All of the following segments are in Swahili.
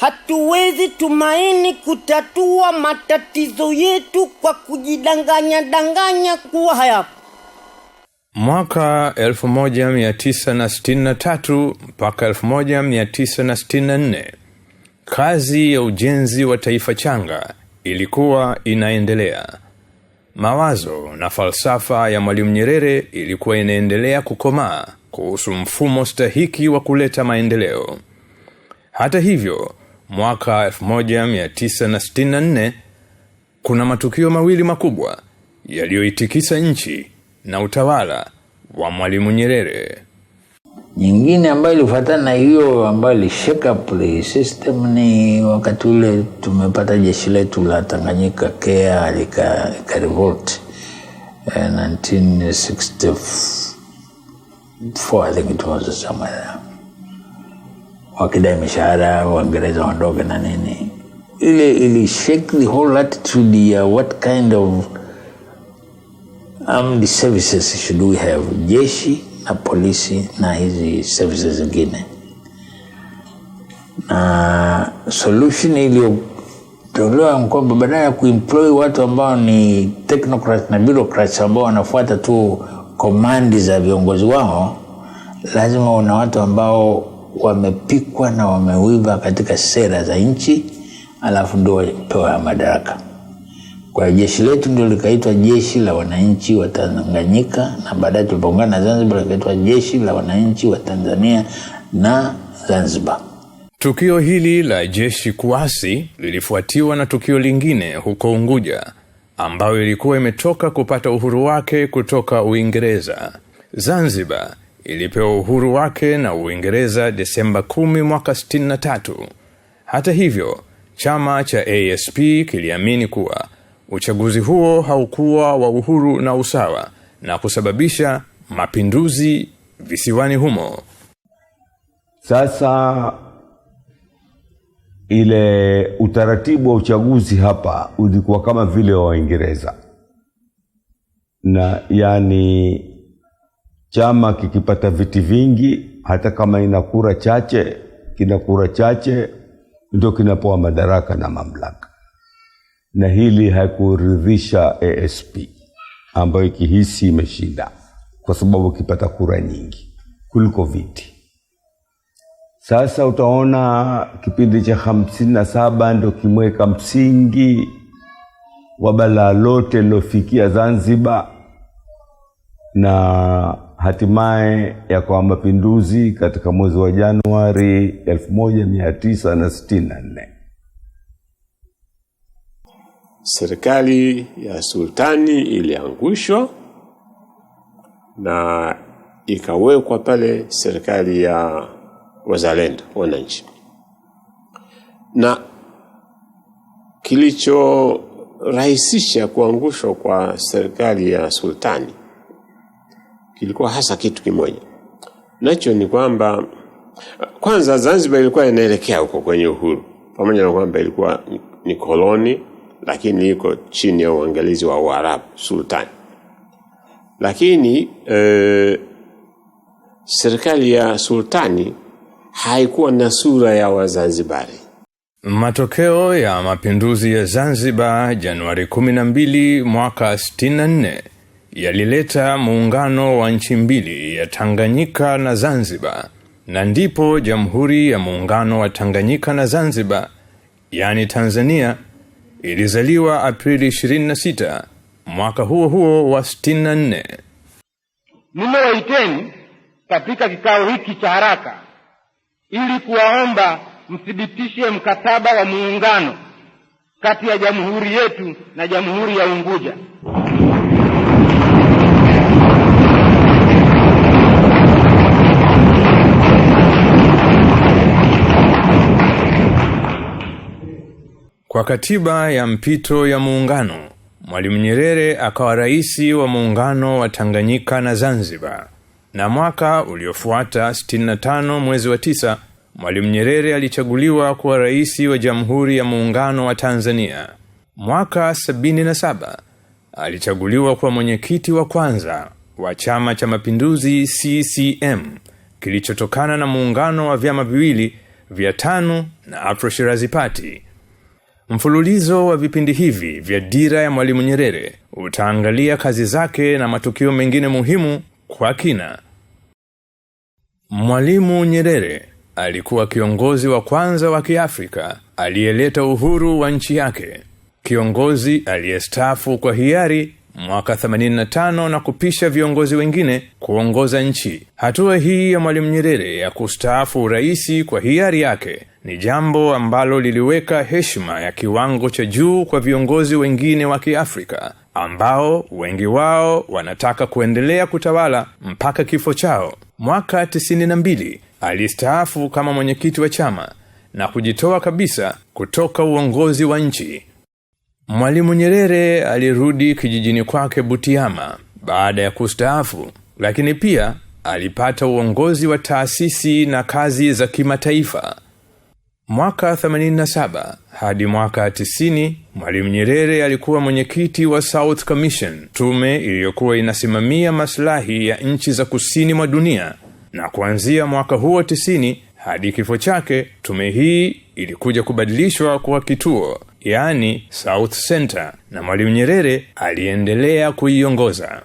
Hatuwezi tumaini kutatua matatizo yetu kwa kujidanganya danganya kuwa hayapo. Mwaka 1963 mpaka 1964 kazi ya ujenzi wa taifa changa ilikuwa inaendelea. Mawazo na falsafa ya Mwalimu Nyerere ilikuwa inaendelea kukomaa kuhusu mfumo stahiki wa kuleta maendeleo. Hata hivyo mwaka 1964 kuna matukio mawili makubwa yaliyoitikisa nchi na utawala wa Mwalimu Nyerere. Nyingine ambayo ilifuatana na hiyo ambayo ilishake up the system ni wakati ule tumepata jeshi letu la Tanganyika KEA lika revolt 1964 eh, I think it was somewhere wakidai mishahara waingereza waondoke na nini ile ili shake the whole attitude ya what kind of armed services should we have jeshi na polisi na hizi services zingine na solution iliyotolewa kwamba badala ya kuemploy watu ambao ni technocrat na bureaucrats ambao wanafuata tu komandi za viongozi wao lazima una watu ambao wamepikwa na wameuiva katika sera za nchi, alafu ndio wapewa madaraka. Kwa jeshi letu ndio likaitwa jeshi la wananchi wa Tanganyika, na baadaye tulipoungana na Zanzibar likaitwa jeshi la wananchi wa Tanzania na Zanzibar. Tukio hili la jeshi kuasi lilifuatiwa na tukio lingine huko Unguja ambayo ilikuwa imetoka kupata uhuru wake kutoka Uingereza. Zanzibar ilipewa uhuru wake na Uingereza Desemba 10 mwaka 63. Hata hivyo, chama cha ASP kiliamini kuwa uchaguzi huo haukuwa wa uhuru na usawa na kusababisha mapinduzi visiwani humo. Sasa ile utaratibu wa uchaguzi hapa ulikuwa kama vile wa Waingereza na yani Chama kikipata viti vingi, hata kama ina kura chache, kina kura chache ndio kinapoa madaraka na mamlaka, na hili haikuridhisha ASP ambayo ikihisi imeshinda, kwa sababu ikipata kura nyingi kuliko viti. Sasa utaona kipindi cha hamsini na saba ndio kimweka msingi wa balaa lote lilofikia Zanzibar na hatimaye ya kwa mapinduzi katika mwezi wa Januari 1964. Serikali ya sultani iliangushwa na ikawekwa pale serikali ya wazalendo wananchi, na kilichorahisisha kuangushwa kwa serikali ya sultani kilikuwa hasa kitu kimoja, nacho ni kwamba kwanza Zanzibar ilikuwa inaelekea huko kwenye uhuru, pamoja na kwamba ilikuwa ni koloni, lakini iko chini ya uangalizi wa Uarabu sultani. Lakini e, serikali ya sultani haikuwa na sura ya Wazanzibari. Matokeo ya mapinduzi ya Zanzibar Januari 12 mwaka 64 yalileta muungano wa nchi mbili ya Tanganyika na Zanzibar, na ndipo Jamhuri ya Muungano wa Tanganyika na Zanzibar, yaani Tanzania, ilizaliwa Aprili 26 mwaka huo huo wa 64. Nimewaiteni katika kikao hiki cha haraka ili kuwaomba mthibitishe mkataba wa muungano kati ya jamhuri yetu na Jamhuri ya Unguja. Kwa katiba ya mpito ya muungano, Mwalimu Nyerere akawa rais wa muungano wa Tanganyika na Zanzibar. Na mwaka uliofuata 65 mwezi wa tisa, Mwalimu Nyerere alichaguliwa kuwa rais wa Jamhuri ya Muungano wa Tanzania. Mwaka 77 alichaguliwa kuwa mwenyekiti wa kwanza wa Chama cha Mapinduzi CCM kilichotokana na muungano wa vyama viwili vya TANU na Afro Shirazi Mfululizo wa vipindi hivi vya Dira ya Mwalimu Nyerere utaangalia kazi zake na matukio mengine muhimu kwa kina. Mwalimu Nyerere alikuwa kiongozi wa kwanza wa Kiafrika aliyeleta uhuru wa nchi yake, kiongozi aliyestafu kwa hiari mwaka 85 na kupisha viongozi wengine kuongoza nchi. Hatua hii ya Mwalimu Nyerere ya kustaafu uraisi kwa hiari yake ni jambo ambalo liliweka heshima ya kiwango cha juu kwa viongozi wengine wa Kiafrika ambao wengi wao wanataka kuendelea kutawala mpaka kifo chao. Mwaka 92 alistaafu kama mwenyekiti wa chama na kujitoa kabisa kutoka uongozi wa nchi. Mwalimu Nyerere alirudi kijijini kwake Butiama baada ya kustaafu, lakini pia alipata uongozi wa taasisi na kazi za kimataifa. Mwaka 87 hadi mwaka 90 Mwalimu Nyerere alikuwa mwenyekiti wa South Commission, tume iliyokuwa inasimamia maslahi ya nchi za kusini mwa dunia, na kuanzia mwaka huo 90 hadi kifo chake, tume hii ilikuja kubadilishwa kuwa kituo yani South Center na Mwalimu Nyerere aliendelea kuiongoza.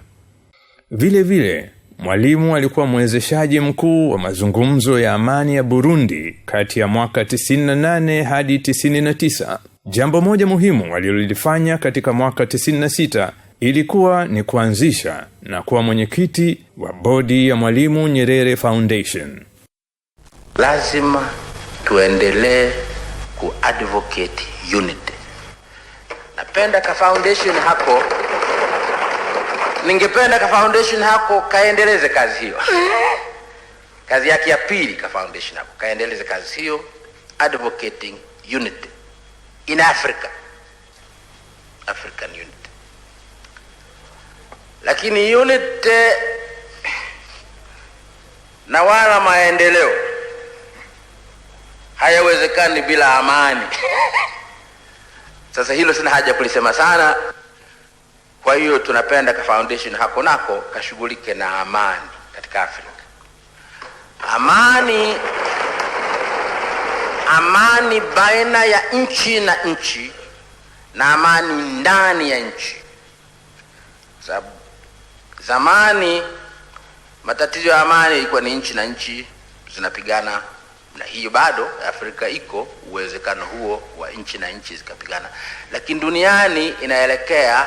Vile vile Mwalimu alikuwa mwezeshaji mkuu wa mazungumzo ya amani ya Burundi kati ya mwaka 98 hadi 99. Jambo moja muhimu alilolifanya katika mwaka 96 ilikuwa ni kuanzisha na kuwa mwenyekiti wa bodi ya Mwalimu Nyerere Foundation. Lazima tuendelee kuadvocate unity ningependa ka foundation hako, ningependa ka foundation hako kaendeleze kazi hiyo. Kazi yake ya pili, ka foundation hako kaendeleze kazi hiyo, advocating unity in Africa, African unity. Lakini unit na wala maendeleo hayawezekani bila amani sasa hilo sina haja kulisema sana. Kwa hiyo tunapenda ka foundation hako nako kashughulike na amani katika Afrika. Amani, amani baina ya nchi na nchi na amani ndani ya nchi. sababu Zamani matatizo ya amani ilikuwa ni nchi na nchi zinapigana na hiyo bado Afrika iko uwezekano huo wa nchi na nchi zikapigana, lakini duniani inaelekea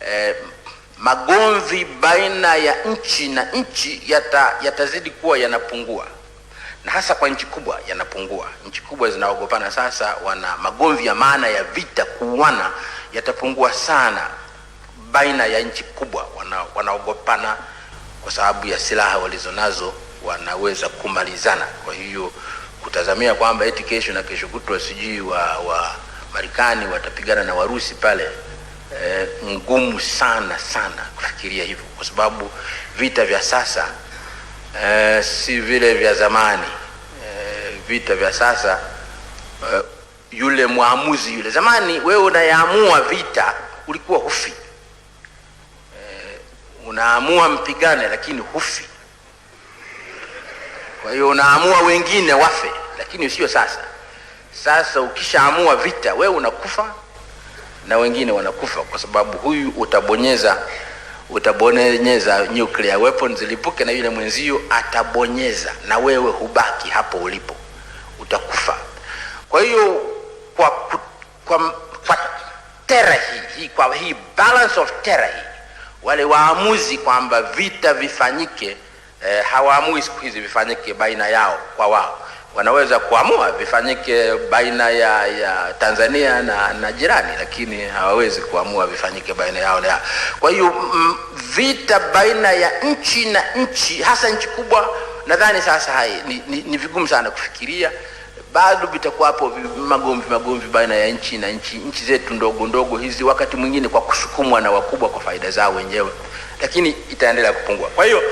eh, magomvi baina ya nchi na nchi yata, yatazidi kuwa yanapungua na hasa kwa nchi kubwa yanapungua. Nchi kubwa zinaogopana sasa, wana magomvi ya maana ya vita kuuana yatapungua sana baina ya nchi kubwa, wanaogopana wana kwa sababu ya silaha walizonazo wanaweza kumalizana. Kwa hiyo kutazamia kwamba eti kesho na kesho kutwa sijui wa, wa Marekani watapigana na Warusi pale eh, ngumu sana sana kufikiria hivyo, kwa sababu vita vya sasa eh, si vile vya zamani eh, vita vya sasa eh, yule mwamuzi yule, zamani wewe unayeamua vita, ulikuwa hufi eh, unaamua mpigane, lakini hufi kwa hiyo unaamua wengine wafe, lakini sio sasa. Sasa ukishaamua vita, wewe unakufa na wengine wanakufa, kwa sababu huyu utabonyeza utabonyeza nuclear weapon zilipuke, na yule mwenzio atabonyeza, na wewe hubaki hapo ulipo, utakufa. Kwa hiyo kwa, kwa, kwa tera hii kwa hii balance of tera hii, wale waamuzi kwamba vita vifanyike e, hawaamui siku hizi vifanyike baina yao kwa wao, wanaweza kuamua vifanyike baina ya, ya Tanzania na, na jirani, lakini hawawezi kuamua vifanyike baina yao na yao. Kwa hiyo mm, vita baina ya nchi na nchi, hasa nchi kubwa, nadhani sasa hai, ni, ni, ni vigumu sana kufikiria bado vitakuwa hapo magomvi magomvi baina ya nchi na nchi, nchi zetu ndogo ndogo hizi, wakati mwingine kwa kusukumwa na wakubwa kwa faida zao wenyewe lakini itaendelea kupungua. Kwa hiyo,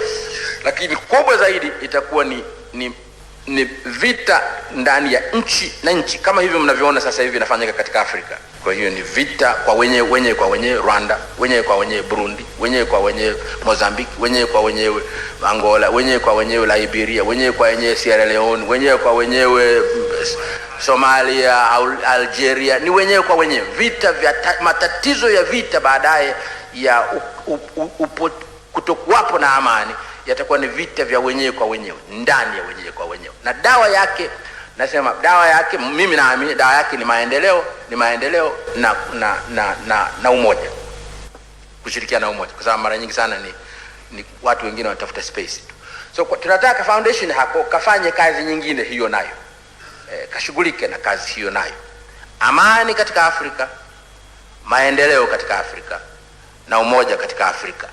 lakini kubwa zaidi itakuwa ni, ni, ni vita ndani ya nchi na nchi, kama hivyo mnavyoona sasa hivi inafanyika katika Afrika. Kwa hiyo ni vita kwa wenyewe, wenyewe kwa wenyewe Rwanda, wenyewe kwa wenyewe Burundi, wenyewe kwa wenyewe Mozambique wenyewe kwa wenyewe Angola, wenyewe kwa wenyewe Liberia, wenyewe kwa wenyewe Sierra Leone, wenyewe kwa wenyewe Somalia Algeria, ni wenyewe kwa wenyewe vita vya matatizo ya vita baadaye ya kutokuwapo na amani yatakuwa ni vita vya wenyewe kwa wenyewe ndani ya wenyewe kwa wenyewe, na dawa yake nasema dawa yake, mimi naamini dawa yake ni maendeleo, ni maendeleo na na na, na, na umoja, kushirikiana na umoja, kwa sababu mara nyingi sana ni, ni watu wengine wanatafuta space tu. So tunataka foundation hako kafanye kazi nyingine hiyo nayo e, kashughulike na kazi hiyo nayo, amani katika Afrika, maendeleo katika Afrika na umoja katika Afrika.